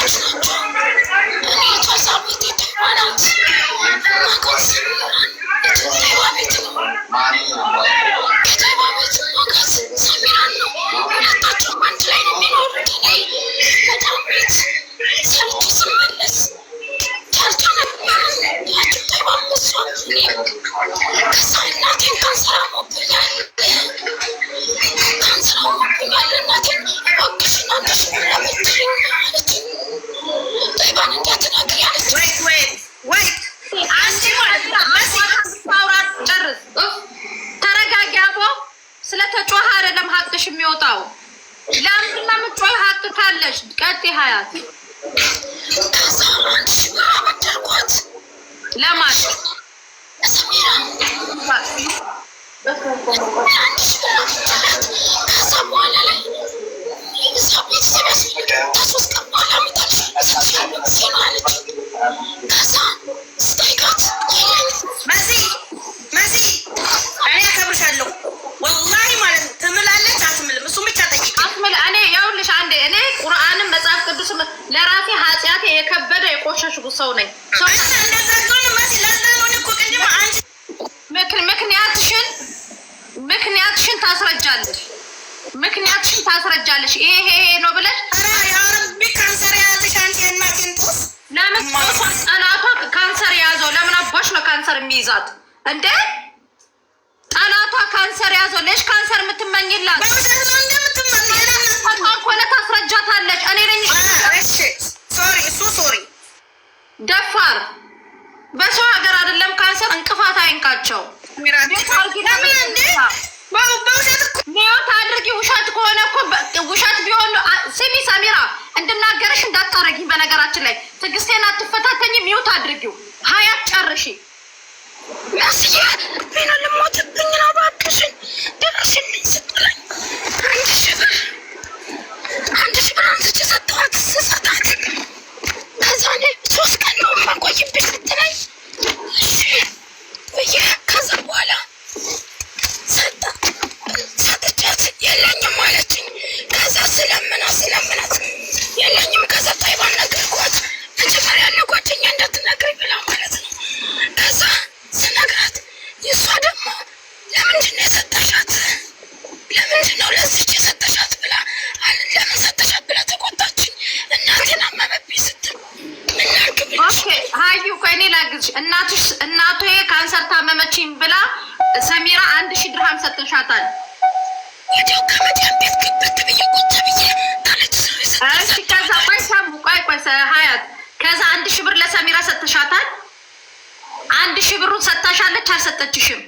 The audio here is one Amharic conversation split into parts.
ከዛ እናቴን ትመጣለች። ቀጤ ሀያት ለማን መሲ መሲ እኔ አከብርሻለሁ ወላሂ ለራሴ ኃጢአቴ የከበደ የቆሸሽኩ ሰው ነኝ። ምክንያትሽን ምክንያትሽን ታስረጃለሽ ምክንያትሽን ታስረጃለሽ። ይሄ ይሄ ነው ብለሽ ካንሰር ለምን ጠላቷ ካንሰር የያዘው ለምን አባሽ ነው ካንሰር የሚይዛት እንዴ? ጠላቷ ካንሰር የያዘው ልሽ ካንሰር የምትመኝላት ጥፋ ታስረጃታለች። እኔ ነኝ ሶሪ፣ እሱ ሶሪ። ደፋር በሰው ሀገር አይደለም ካንሰር እንቅፋት አይንካቸው። ሚወት አድርጊ። ውሸት ከሆነ እኮ እንድናገርሽ እንዳታረጊኝ። በነገራችን ላይ ትዕግስቴን አትፈታተኝ። አድርጊው። ሀያት አንድ ሺህ ብር አምጥቼ ሰጠኋት። ስሰጣት ከዛኔ ሶስት ቀን ነው እንኳን ቆይብሽ ስትለኝ አልሰጠችሽም?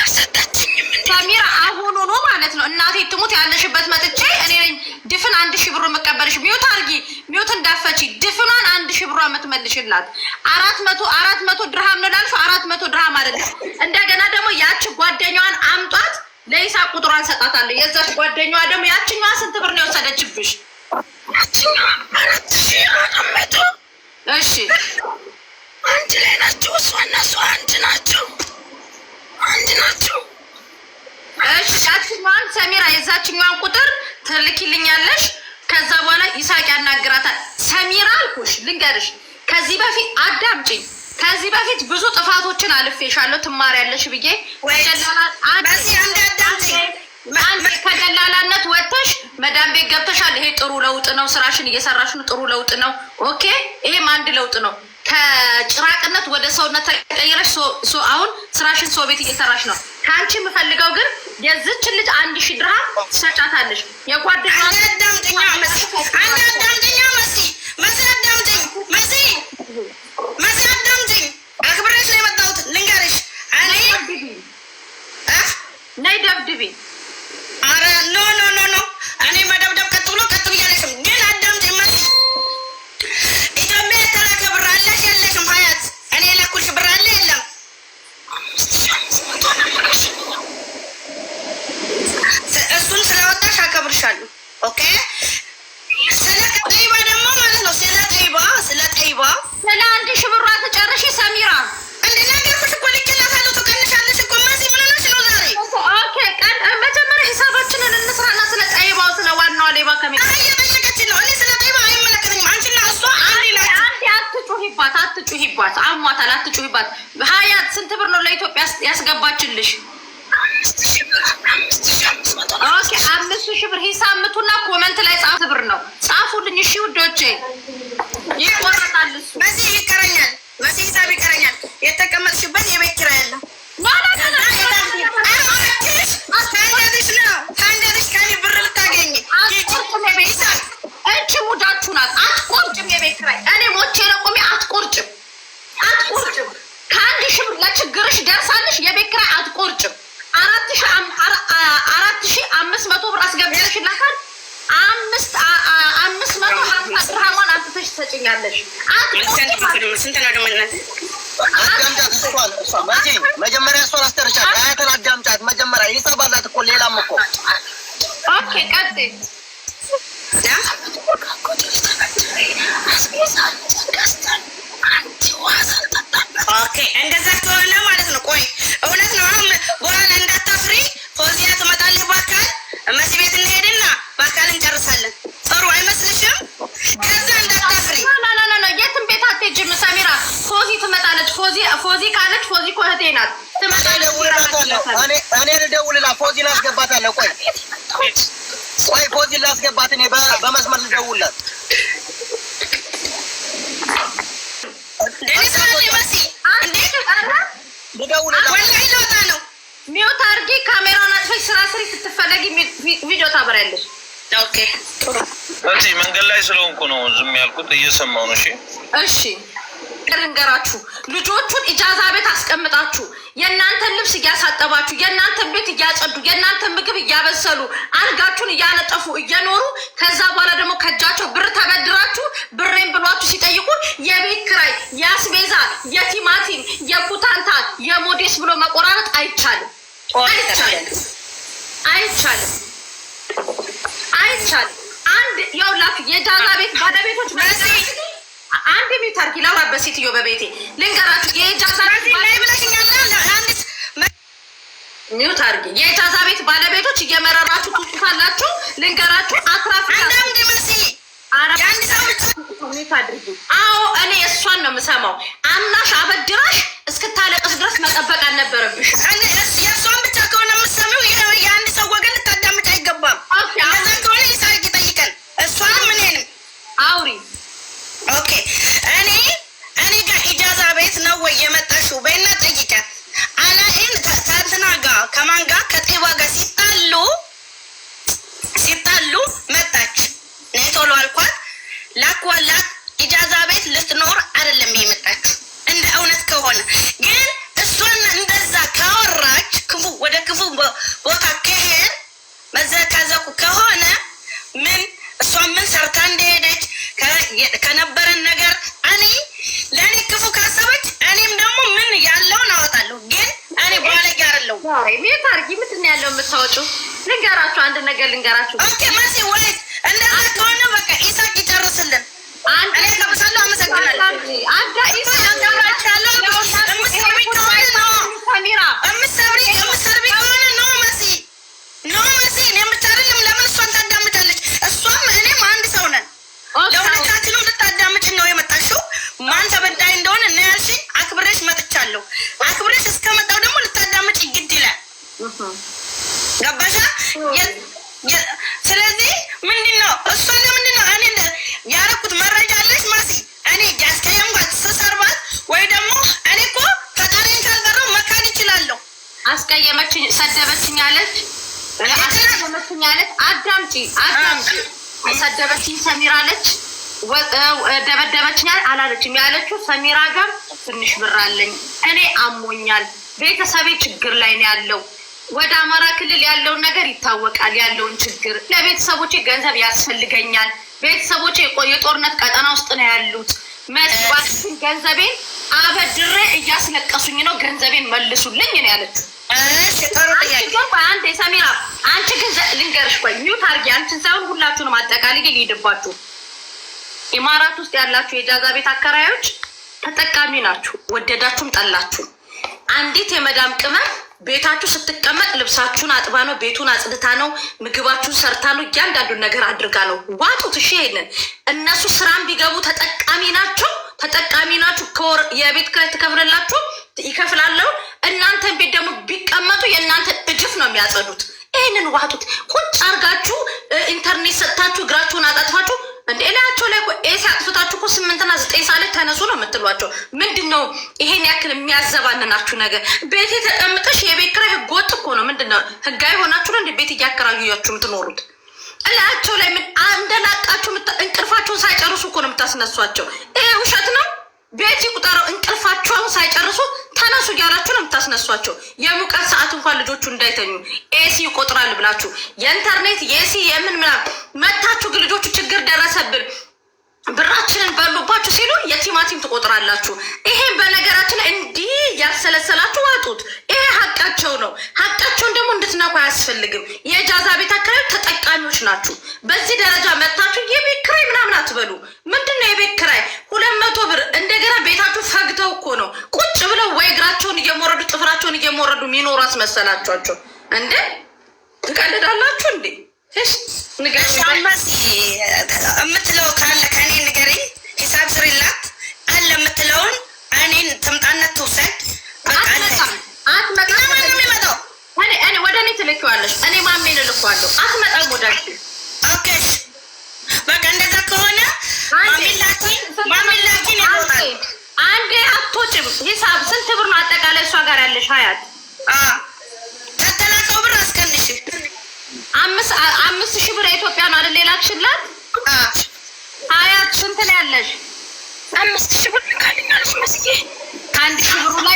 አልሰጠችኝም። ሰሚራ አሁኑ ነው ማለት ነው። እናቴ ትሙት ያለሽበት መጥቼ እኔ ነኝ ድፍን አንድ ሺህ ብር የምቀበልሽ። ሚውት አርጊ፣ ሚውት እንዳፈቺ። ድፍኗን አንድ ሺህ ብሯ የምትመልሽላት አራት መቶ አራት መቶ ድርሃም ነው ላልሽው፣ አራት መቶ ድርሃም አይደለም። እንደገና ደግሞ ያቺ ጓደኛዋን አምጧት፣ ለይሳ ቁጥሯን ሰጣታለሁ። የዛች ጓደኛዋ ደግሞ ያችኛዋ ስንት ብር ነው የወሰደችብሽ? ያችኛዋ አራት ሺህ አራት መቶ እሺ አንድ ላይ ናቸው። እሷ እና እሷ አንድ ናቸው፣ አንድ ናቸው። ያችኛዋን ሰሚራ የዛችኛዋን ቁጥር ትልኪልኛለሽ። ከዛ በኋላ ይሳቅ ያናግራታል። ሰሚራ አልኩሽ፣ ልንገርሽ፣ ከዚህ በፊት አዳምጪኝ። ከዚህ በፊት ብዙ ጥፋቶችን አልፌሻለሁ። ትማሪያለሽ ብዬ ከደላላነት ወጥተሽ መዳም ቤት ገብተሻል። ይሄ ጥሩ ለውጥ ነው። ስራሽን እየሰራሽ ነው። ጥሩ ለውጥ ነው። ኦኬ፣ ይሄም አንድ ለውጥ ነው። ከጭራቅነት ወደ ሰውነት ተቀይረሽ አሁን ስራሽን ሰው ቤት እየሰራሽ ነው። ከአንቺ የምፈልገው ግን የዝች ልጅ አንድ ሺ ድርሃም ትሰጫታለሽ። የጓደኛ Okay ቤት ኪራይ እኔ ሞቼ ነው ቁሚ። አትቆርጭም አትቆርጭም። ከአንድ ሺ ብር ለችግርሽ ደርሳለሽ። የቤት ኪራይ አትቆርጭም። አራት ሺ አምስት መቶ ብር አስገብተሽ ላካል አምስት አምስት መቶ ሀምሳ ድርሃሟን አንጥተሽ ትሰጭኛለሽ። መጀመሪያ እሷን አስጠርቻት አያተን አዳምጫት። መጀመሪያ ሂሳብ እኮ ሌላም እኮ ኦኬ ቀጥ እንደዛ ከሆነ ማለት ነው። ቆይ እውነት ነው። አሁን በኋላ እንዳታፍሪ ፎዚያ ትመጣለች። በአካል መሲ ቤት እንሄድና በአካል እንጨርሳለን። ጥሩ አይመስልሽም? ከዛ እንዳታፍሪ። የትም ቤት አትሄጂም ሰሚራ። ፎዚ ትመጣለች። ፎዚ ካለች ፎዚ እኮ እህቴ ናት። እኔ ልደውልላት ፎዚን አስገባታለሁ። ቆይ ቆይ ፎዚን ላስገባት እኔ በመስመር ልደውልላት ቪዲዮ ታበራለች። ኦኬ ጥሩ። እዚህ መንገድ ላይ ስለሆንኩ ነው ዝም ያልኩት፣ እየሰማሁ ነው። እሺ እሺ ልንገራችሁ ልጆቹን ኢጃዛ ቤት አስቀምጣችሁ የእናንተን ልብስ እያሳጠባችሁ የእናንተን ቤት እያጸዱ የእናንተን ምግብ እያበሰሉ አልጋችሁን እያነጠፉ እየኖሩ ከዛ በኋላ ደግሞ ከእጃቸው ብር ተበድራችሁ ብሬን ብሏችሁ ሲጠይቁ የቤት ክራይ፣ የአስቤዛ፣ የቲማቲም፣ የኩታንታ፣ የሞዴስ ብሎ መቆራረጥ አይቻልም፣ አይቻልም፣ አይቻልም። አይቻል አንድ የውላችሁ የዳና ቤት ባለቤቶች አንድ ሚዩት አድርጊ። ላውራ በሴትዮ በቤቴ ልንገራችሁ። የጃዛ ቤት ሚዩት አድርጊ። የጃዛ ቤት ባለቤቶች እየመረራችሁ ትጡታላችሁ። ልንገራችሁ አትራፊ አዎ እኔ እሷን ነው የምሰማው። አምናሽ አበድራሽ እስክታለቅስ ድረስ መጠበቅ አልነበረብሽ። እንደዛ ከሆነ የሳርግ ይጠይቀን እሷንም እኔንም አውሪ። ኦኬ እኔ እኔ ጋር ቤት ነው ወይ የመጣሽው? በይና ጠይቀን አላይን ከእንትና ጋር ከማን ጋር ከጤባ ጋር ሲጣሉ ሲጣሉ መጣች። ነይ ቶሎ አልኳት። ላክ ኢጃዛ ቤት ልትኖር አይደለም የመጣችሁ እንደ እውነት ከሆነ ግን እሷን እንደዛ ካወራች ክፉ ወደ ክፉ ቦታ ከሄድ ከሆነ ምን እሷ ምን ሰርታ እንደሄደች ከነበረን ነገር እኔ ለእኔ ክፉ ካሰበች እኔም ደግሞ ምን ያለውን አወጣለሁ። ግን እኔ ባለጌ አይደለሁም። ምን ታርጊ? ምንድን ነው ያለው የምታወጪው? ልንገራችሁ፣ አንድ ነገር ልንገራችሁ። ኦኬ መሲ ወይ እንደዛ ከሆነ በቃ ኢሳቅ ይጨርስልን። እኔ ከብሳለሁ። አመሰግናለሁ። አንዳ ኢሳቅ ያለው ምስሚ ሰደበችኝ ሰሚራ አለች። ደበደበችኝ አላለችም ያለችው ሰሚራ ጋር ትንሽ ብር አለኝ እኔ አሞኛል፣ ቤተሰቤ ችግር ላይ ነው ያለው። ወደ አማራ ክልል ያለውን ነገር ይታወቃል። ያለውን ችግር ለቤተሰቦቼ ገንዘብ ያስፈልገኛል። ቤተሰቦቼ የጦርነት ቀጠና ውስጥ ነው ያሉት። መስባትን ገንዘቤን አበድሬ እያስለቀሱኝ ነው። ገንዘቤን መልሱልኝ ነው ያለችው። አንዴ ሰሚራ፣ አንቺ ግን ልንገርሽ፣ ቆይ ሚውት አድርጊ። አንቺን ሳይሆን ሁላችሁንም አጠቃላይ ኢማራት ውስጥ ያላችሁ የጃዛ ቤት አከራዮች ተጠቃሚ ናችሁ፣ ወደዳችሁም ጠላችሁ። አንዲት የመዳም ቅመም ቤታችሁ ስትቀመጥ ልብሳችሁን አጥባ ነው፣ ቤቱን አጽድታ ነው፣ ምግባችሁን ሰርታ ነው፣ እያንዳንዱን ነገር አድርጋ ነው። ዋጡት። እሺ ይሄንን እነሱ ስራም ቢገቡ ተጠቃሚ ናቸው። ተጠቃሚ ናችሁ። ከወር የቤት ክራይ ትከፍልላችሁ ይከፍላለሁ። እናንተን ቤት ደግሞ ቢቀመጡ የእናንተ እጅፍ ነው የሚያጸዱት። ይህንን ዋጡት። ቁጭ አርጋችሁ ኢንተርኔት ሰጥታችሁ እግራችሁን አጣጥፋችሁ እንዴ ላያቸው ላይ ኤስ አጥፍታችሁ እኮ ስምንትና ዘጠኝ ሰዓት ላይ ተነሱ ነው የምትሏቸው። ምንድን ነው ይሄን ያክል የሚያዘባንናችሁ ነገር? ቤት ተቀምጠሽ የቤት ክራይ ህገወጥ እኮ ነው። ምንድን ነው ህጋዊ ሆናችሁ ነው እንደ ቤት እያከራዩያችሁ የምትኖሩት? እላያቸው ላይ ምን እንደላቃችሁ እንቅልፋችሁን ሳይጨርሱ እኮ ነው የምታስነሷቸው። ይሄ ውሸት ነው። ቤት ቁጠረው። እንቅልፋቸውን ሳይጨርሱ ተነሱ እያላችሁ ነው የምታስነሷቸው። የሙቀት ሰዓት እንኳን ልጆቹ እንዳይተኙ ኤሲ ይቆጥራል ብላችሁ የኢንተርኔት የኤሲ የምን ምናምን መታችሁ፣ ግን ልጆቹ ችግር ደረሰብን ብራችንን በሉባችሁ ሲሉ የቲማቲም ትቆጥራላችሁ። ይሄን በነገራችን ላይ እንዲህ ያሰለሰላችሁ ዋጡት። ይሄ ሀቃቸው ነው። ሀቃቸውን ደግሞ እንድትነኩ አያስፈልግም። የጃዛ ቤት አካባቢ ተጠቃሚ ናችሁ። በዚህ ደረጃ መታችሁ የቤት ክራይ ምናምን አትበሉ። ምንድነው የቤት ክራይ ሁለት መቶ ብር? እንደገና ቤታችሁ ፈግተው እኮ ነው ቁጭ ብለው ወይ እግራቸውን እየሞረዱ ጥፍራቸውን እየሞረዱ የሚኖሩ አስመሰላችኋቸው እንዴ? ትቀልዳላችሁ እንዴ? የምትለው ካለ ከኔ ንገሪ። ሂሳብ ስሪላት አለ የምትለውን እኔን ትምጣነት ትውሰድ አትመጣ ወደ እኔ ትልኪዋለሽ፣ እኔ ማሜን እልኳለሁ። አትመጣም ወደ አንቺ። ኦኬ በቃ እንደዛ ከሆነ ማሜላኪን ይወጣል። አንዴ አትወጭም። ሂሳብ ስንት ብር ነው አጠቃላይ እሷ ጋር ያለሽ ሀያት ከተላከው ብር አስቀንሽ። አምስት ሺህ ብር የኢትዮጵያ ነው አይደል? ሌላክሽላት ሀያት ስንት ነው ያለሽ? አምስት ሺህ ብር ካልኛለሽ መስዬ ከአንድ ሺህ ብሩ ላይ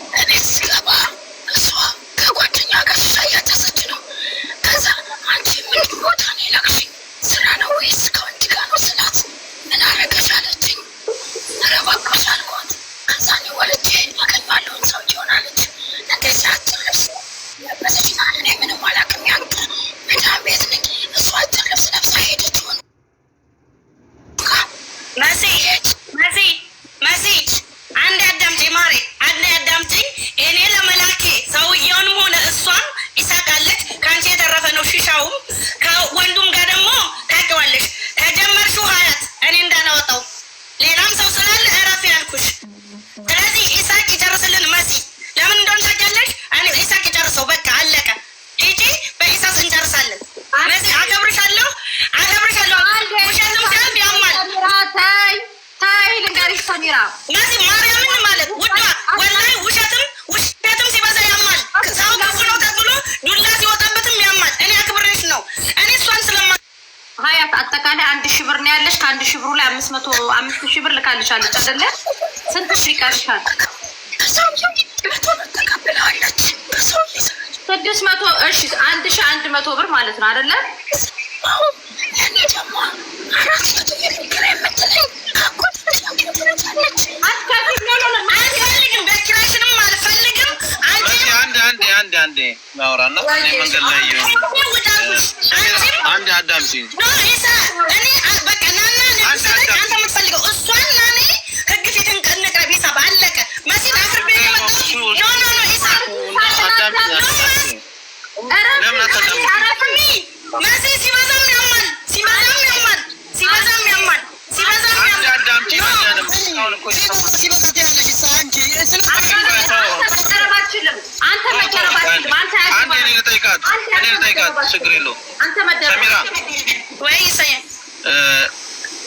አጠቃላይ አንድ ሺህ ብር ነው ያለሽ። ከአንድ ሺህ ብሩ ላይ አምስት መቶ አምስት ሺህ ብር አለች አይደለ? ስንት ሺህ ይቀርሻል? ስድስት መቶ እሺ፣ አንድ ሺህ አንድ መቶ ብር ማለት ነው አይደለ? አንድ አንድ አንድ አንድ ማውራና መንገድ ላይ አንድ አዳም ሲኝ ለምን አታዳምጪኝ? ችግር የለውም።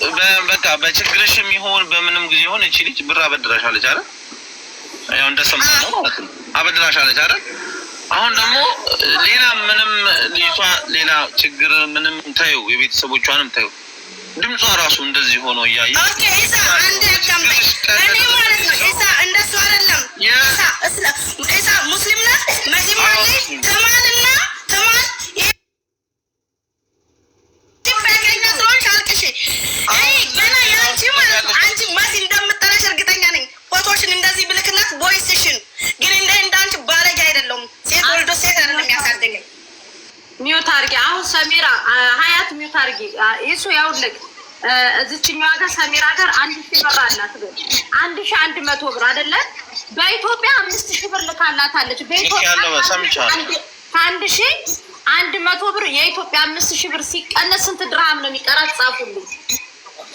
ሰሚራ በቃ በችግርሽም ይሁን በምንም ጊዜ ይሁን እቺ ልጅ ብር አበድራሻለች አይደል? ያው እንደሰማነው ማለት ነው አበድራሻለች አይደል? አሁን ደግሞ ሌላ ምንም ልጅቷ ሌላ ችግር ምንም ታዩ፣ የቤተሰቦቿንም ታዩ። ድምጿ ራሱ እንደዚህ ሆኖ እያየ እንደሱ አይደለም ሙስሊም ናት አንቺ ማለት ነው አንቺ መሲ እንደምጠላሽ እርግጠኛ ነኝ። ፎቶሽን እንደዚህ ብልክነት ቦይስሽን ግን እንደ እንዳንቺ ባለጌ አይደለሁም። ሴት ወልዶ ሴት አይደለም ያሳደገኝ። ሚውት አድርጊ አሁን ሰሜራ ሀያት ሚውት አድርጊ እሱ ያውልቅ እዚችኛዋ ጋር ሰሜራ ጋር አንድ ሺ ብር አላት አንድ ሺ አንድ መቶ ብር አይደለም በኢትዮጵያ አምስት ሺ ብር ልካላታለች። ከአንድ ሺ አንድ መቶ ብር የኢትዮጵያ አምስት ሺ ብር ሲቀነስ ስንት ድርሃም ነው የሚቀራት? ጻፉልኝ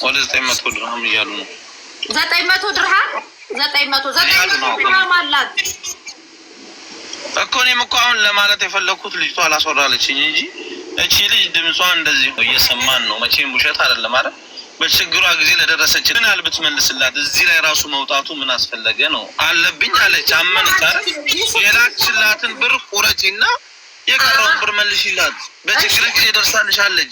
ወደ ዘጠኝ መቶ ድርሃም እያሉ ነው። ዘጠኝ መቶ ድርሃም ዘጠኝ መቶ ዘጠኝ መቶ ድርሃም አላት እኮ። እኔም እኮ አሁን ለማለት የፈለኩት ልጅቷ አላስወራለችኝ እንጂ እቺ ልጅ ድምጿ እንደዚህ ነው፣ እየሰማን ነው። መቼም ውሸት አይደለም አይደል? በችግሯ ጊዜ ለደረሰች ምን አልብት መልስላት። እዚህ ላይ ራሱ መውጣቱ ምን አስፈለገ ነው። አለብኝ አለች፣ አመነች አይደል? የላክሽላትን ብር ቁረጪና የቀረውን ብር መልሽላት። በችግር ጊዜ ደርሳልሻለች።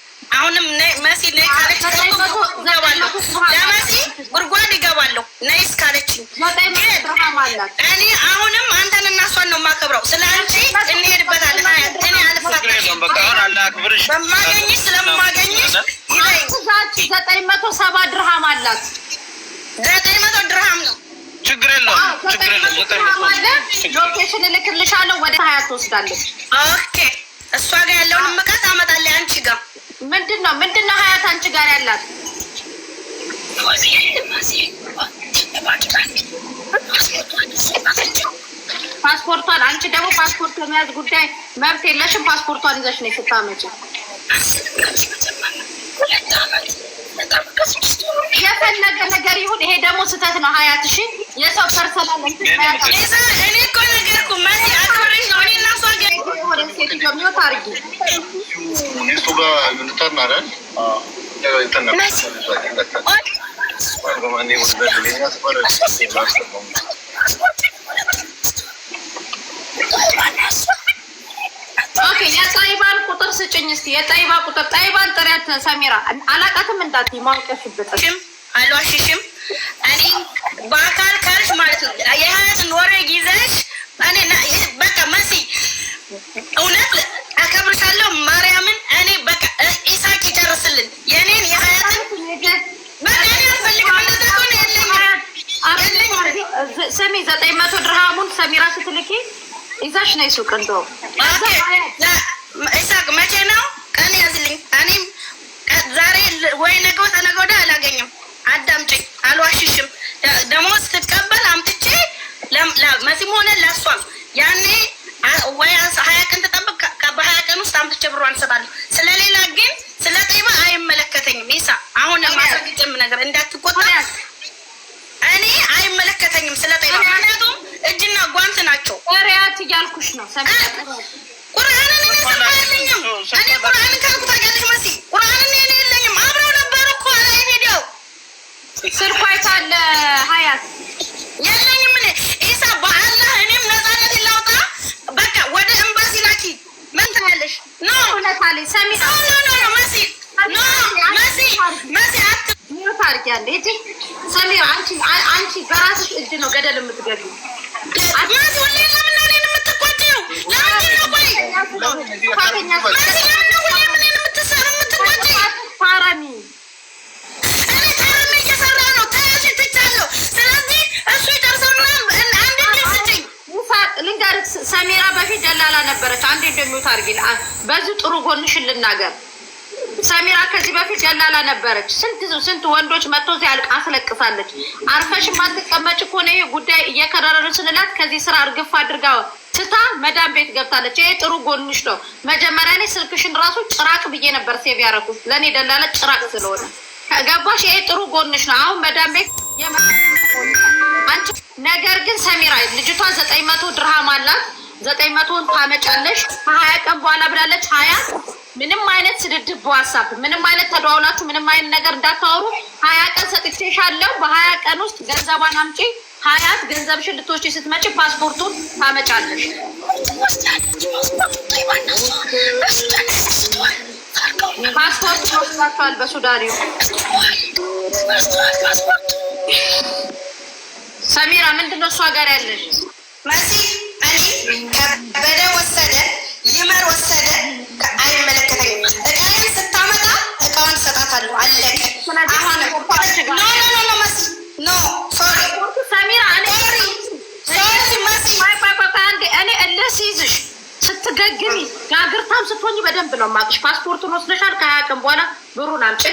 አሁንም መሲ ነይ ካለች ለመሲ ጉድጓድ ይገባለሁ። ነይስ ካለችኝ እኔ አሁንም አንተን እና እሷን ነው የማከብረው። ስለ አንቺ እንሄድበታለን። እኔ አልፋታለሁ። ዘጠኝ መቶ ሰባ ድርሃም አላት። ዘጠኝ መቶ ድርሃም ነው። ችግር የለውም። ሎኬሽን እልክልሻለሁ። ወደ ሀያ ትወስዳለች። ኦኬ እሷ ጋር ያለውን ምቀት አመጣለሁ አንቺ ጋር ምንድን ነው ምንድን ነው ሀያት አንቺ ጋር ያላት ፓስፖርቷን አንቺ ደግሞ ፓስፖርት የመያዝ ጉዳይ መብት የለሽም። ፓስፖርቷን ይዘሽ ነው የስታመጭ የፈለገ ነገር ይሁን፣ ይሄ ደግሞ ስህተት ነው። ሀያት እሺ፣ የሰው ፐርሰናል ቁጥር ስጭኝ እስኪ የጣይባ ቁጥር። ጣይባን ጥሪያት ሰሚራ። አላቃትም እንዳት ማውቀሽበት አልዋሽሽም። እኔ በአካል ካልሽ ማለት ነው የሀያትን ወሬ ጊዜሽ እኔ በቃ መሲ እውነት አከብርሻለሁ። ማርያምን እኔ በቃ ኢሳቅ ይጨርስልን የኔን የሀያትን ስሚ ዘጠኝ መቶ ድርሃሙን ሰሚራ ስትልኪ ይዛሽ ነይ ሱቅ እንደውም ኢሳቅ መቼ ነው ቀን ያዝልኝ። እኔም ዛሬ ወይ ነገ ተነገ ወዲያ አላገኝም። አዳምጪኝ፣ አልዋሽሽም። ደሞዝ ስትቀበል አምጥቼ መሲም ሆነ ላሷም ያኔ ወይ ሀያ ቀን ተጠብቅ። በሀያ ቀን ውስጥ አምጥቼ ብሯን እሰጣለሁ። ስለሌላ ግን ስለ ጤባ አይመለከተኝም። ይሳ አሁን ማስረግጬም ነገር እንዳትቆጣ እኔ አይመለከተኝም ስለ ጤባ፣ ምክንያቱም እጅና ጓንት ናቸው። ሪያት እያልኩሽ ነው ነጻነት አለ ሀያት የለኝም። እኔ ኢሳ በአላህ እኔም ነጻነት ላውጣ። በቃ ወደ ኤምባሲ ላኪ። ምን ትላለሽ? ኖ አንቺ በራስሽ እጅ ነው ገደል የምትገቢው። ለምን ነው በዚህ ጥሩ ጎንሽን ልናገር። ሰሚራ ከዚህ በፊት ደላላ ነበረች። ስንት ስንት ወንዶች መጥቶ አልቃ አስለቅሳለች። አርፈሽ ማትቀመጭ ከሆነ ይሄ ጉዳይ እየከረረሩ ስንላት ከዚህ ስራ እርግፍ አድርጋ ስታ መዳም ቤት ገብታለች። ይሄ ጥሩ ጎንሽ ነው። መጀመሪያ ላይ ስልክሽን ራሱ ጭራቅ ብዬ ነበር ሴቭ ያደረኩት ለእኔ ደላለ ጭራቅ ስለሆነ ገባሽ። ይሄ ጥሩ ጎንሽ ነው። አሁን መዳም ቤት ነገር ግን ሰሚራ ልጅቷ ዘጠኝ መቶ ድርሃም አላት ዘጠኝ መቶን ታመጫለሽ ከሀያ ቀን በኋላ ብላለች። ሀያ ምንም አይነት ስድድብ በዋሳብ ምንም አይነት ተደዋውላችሁ ምንም አይነት ነገር እንዳታወሩ። ሀያ ቀን ሰጥቼሻለሁ። በሀያ ቀን ውስጥ ገንዘቧን አምጪ። ሀያት ገንዘብሽን ልትወጪ ስትመጪ ፓስፖርቱን ታመጫለሽ። ፓስፖርት ወስዳችኋል። በሱዳኔው ሰሚራ ምንድነው እሷ ጋር ያለሽ በደ ወሰደ፣ ይመር ወሰደ፣ አይመለከተኝም። እቃዬን ስታመጣ እቃዋን እሰጣታለሁ። አለቀ። ሲይዝሽ ስትገግሚ ጋግርታም ስትሆኝ በደንብ ነው የማውቅሽ። ፓስፖርቱን ወስደሻል። ከሀያ ቀን በኋላ ብሩን አምጪ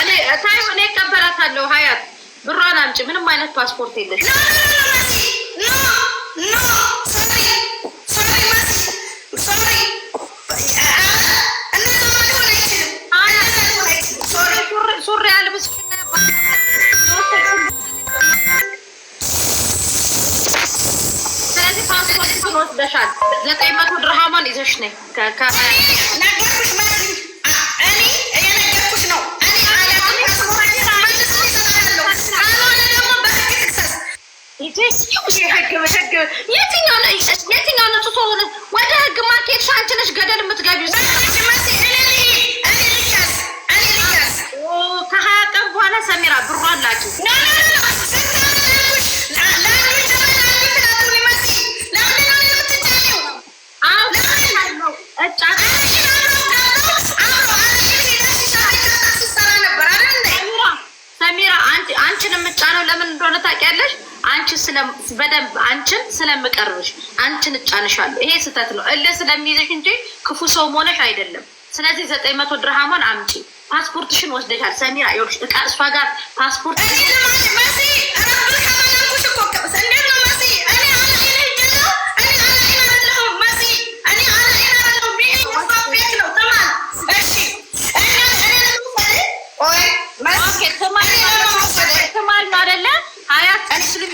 እኔ እቀበላታለሁ። ሀያት ብሯን አምጪ። ምንም አይነት ፓስፖርት የለሽም። ሱሪ አልብስ ስለዚህ ፓስፖርት ወስደሻል። ዘጠኝ መቶ ድርሃሟን ይዘሽ ነይ የትኛው ነው ጡት ወደ ህግ ማርኬት አንቺ ነሽ ገደል የምትገቢው? ከሀያ ቀን በኋላ ሰሚራ ብሯ አላችሁ በደንብ አንቺን ስለምቀርብሽ አንቺን እጫንሻለሁ። ይሄ ስህተት ነው። እልህ ስለሚይዝሽ እንጂ ክፉ ሰው መሆነሽ አይደለም። ስለዚህ ዘጠኝ መቶ ድርሃሞን አምጪ። ፓስፖርትሽን ወስደሻል። ሰሚራ ይኸውልሽ እቃ እሷ ጋር ፓስፖርት አይደለ ሀያት ሙስሊም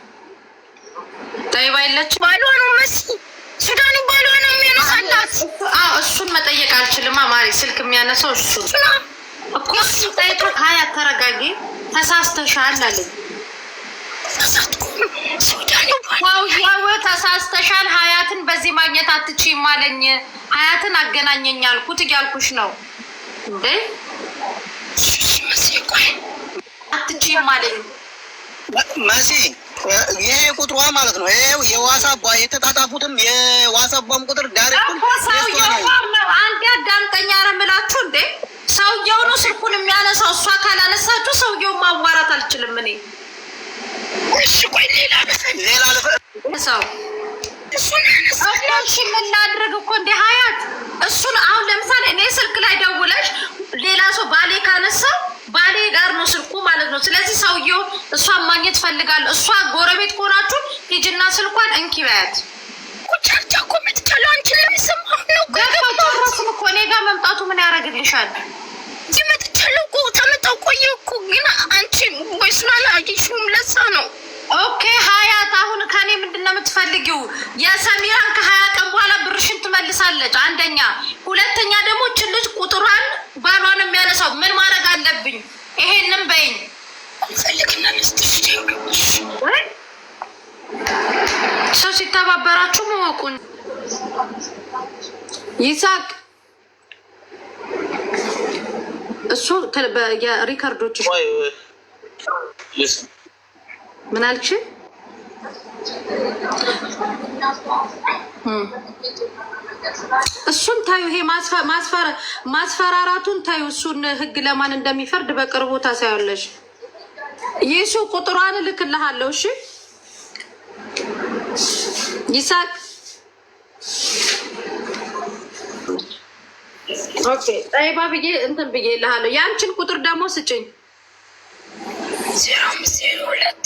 ጠይባ የለችም። ባሏ ነው መሲ ሱዳኑ ባሏ ነው የሚያነሳላት። እሱን መጠየቅ አልችልም። ማሪ ስልክ የሚያነሳው እሱ እኮ ጠይቶ ሀያ ተረጋጊ፣ ተሳስተሻል አለኝ። ዋው ተሳስተሻል፣ ሀያትን በዚህ ማግኘት አትችይም አለኝ። ሀያትን አገናኘኝ አልኩት እያልኩሽ ነው እንዴ አትችይም አለኝ መሲ ይሄ ቁጥሯ ማለት ነው። ይሄው የዋሳቧ የተጣጣፉትም የዋሳቧም ቁጥር ዳይሬክት አንድ አዳምጠኛ ረምላችሁ እንዴ ሰውየው ነው ስልኩን የሚያነሳው። እሷ ካላነሳችሁ ሰውየው ማዋራት አልችልም እኔ። እሺ ቆይ ሌላ ሌላ ሰው እሺ የምናድርግ እኮ እንደ ሀያት እሱን አሁን ለምሳሌ እኔ ስልክ ላይ ደውለሽ ሌላ ሰው ባሌ ካነሳው ባሌ ጋር ነው ስልኩ ማለት ነው። ስለዚህ ሰውየው እሷን ማግኘት ፈልጋል። እሷ ጎረቤት ከሆናችሁ ሂጅና ስልኳን እንኪ በያት። ቁጫጫ እኮ የምትቻለው አንቺ ለሚሰማ ነው። ገባቸው እኮ እኔ ጋር መምጣቱ ምን ያደርግልሻል? የምትቻለው እኮ ተመጣው ቆየ እኮ ግን አንቺ ወይሱና ላጊሹም ለሳ ነው ኦኬ ሀያት፣ አሁን ከኔ ምንድን ነው የምትፈልጊው? የሰሚራን ከሀያ ቀን በኋላ ብርሽን ትመልሳለች። አንደኛ፣ ሁለተኛ ደግሞ ችልጅ ቁጥሯን ባሏን የሚያነሳው ምን ማድረግ አለብኝ? ይሄንም በይኝ ሰው ሲተባበራችሁ መወቁን ይሳቅ እሱ ሪከርዶች ምን አልሽ? እሱን ታዩ። ይሄ ማስፈራራቱን ታዩ። እሱን ህግ ለማን እንደሚፈርድ በቅርቡ ታሳያለሽ። ይሱ ቁጥሯን እልክልሃለሁ። እሺ ይሳቅ። ኦኬ ጠይባ ብዬ እንትን ብዬ እልሃለሁ። ያንቺን ቁጥር ደግሞ ስጭኝ ዜሮ አምስት ሁለት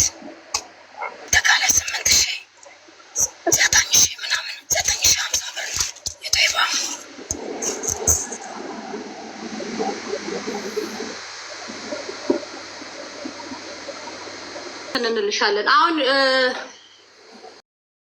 ዘጠኝ ሺህ ምናምን ዘጠኝ ሺህ ሀምሳ ብር ነው እንልሻለን አሁን